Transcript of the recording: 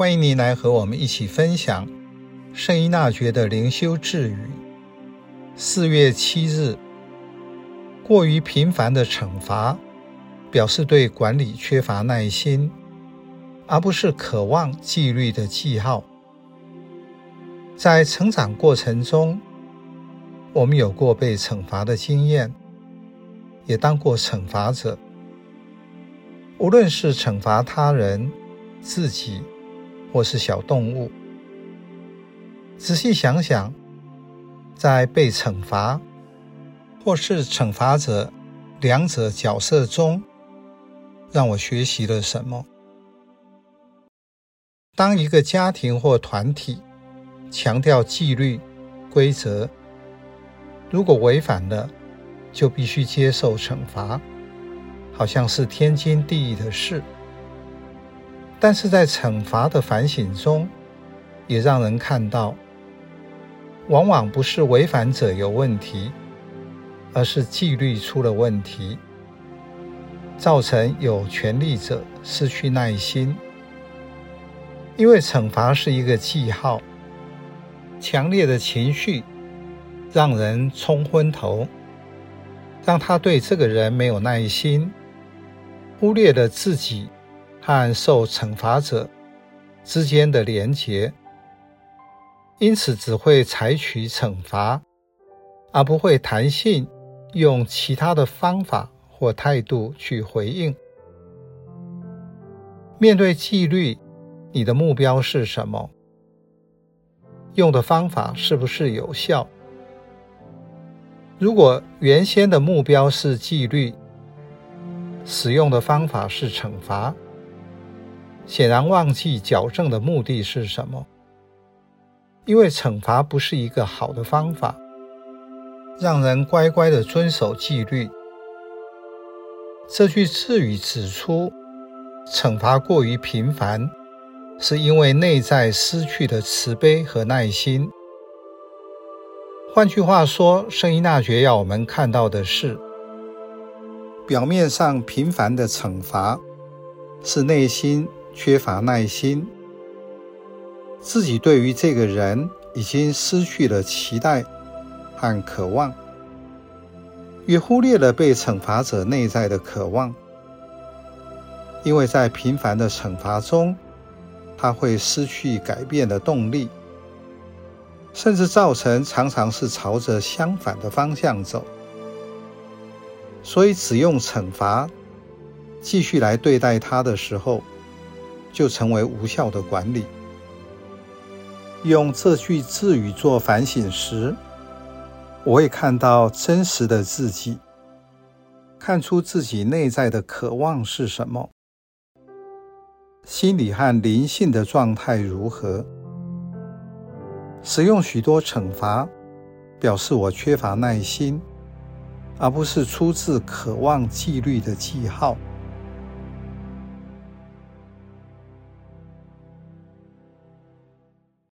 歡迎您來和我們一起分享聖依納爵的靈修智語。四月七日，過於頻繁的懲罰，表示對管理缺乏耐心，而不是渴望紀律的記號。在成長過程中，我們有過被懲罰的經驗，也當過懲罰者。無論是懲罰他人，自己，或是小動物，仔細想想，在被懲罰或是懲罰者兩者角色中，讓我學習了什麼？當一個家庭或團體強調紀律、規則，如果違反了，就必須接受懲罰，好像是天經地義的事。但是在懲罰的反省中，也讓人看到，往往不是違反者有問題，而是紀律出了問題，造成有權力者失去耐心，因為懲罰是一個記號，強烈的情緒讓人沖昏頭，讓他對這個人沒有耐心，忽略了自己。但受懲罰者之間的連結，因此只會採取懲罰，而不會彈性用其他的方法或態度去回應。面對紀律，你的目標是什麼？用的方法是不是有效？如果原先的目標是紀律，使用的方法是懲罰。顯然，忘記矯正的目的是什麼？因為懲罰不是一個好的方法，讓人乖乖的遵守紀律。這句智語指出，懲罰過於頻繁，是因為內在失去的慈悲和耐心。換句話說，聖依納爵要我們看到的是，表面上頻繁的懲罰，是內心。缺乏耐心，自己對於這個人已經失去了期待和渴望，也忽略了被懲罰者內在的渴望，因為在頻繁的懲罰中，他會失去改變的動力，甚至造成常常是朝着相反的方向走，所以只用懲罰繼續來對待他的時候。就成為無效的管理。用這句智語做反省時，我會看到真實的自己，看出自己內在的渴望是什麼？心理和靈性的狀態如何。使用許多懲罰，表示我缺乏耐心，而不是出自渴望紀律的記號。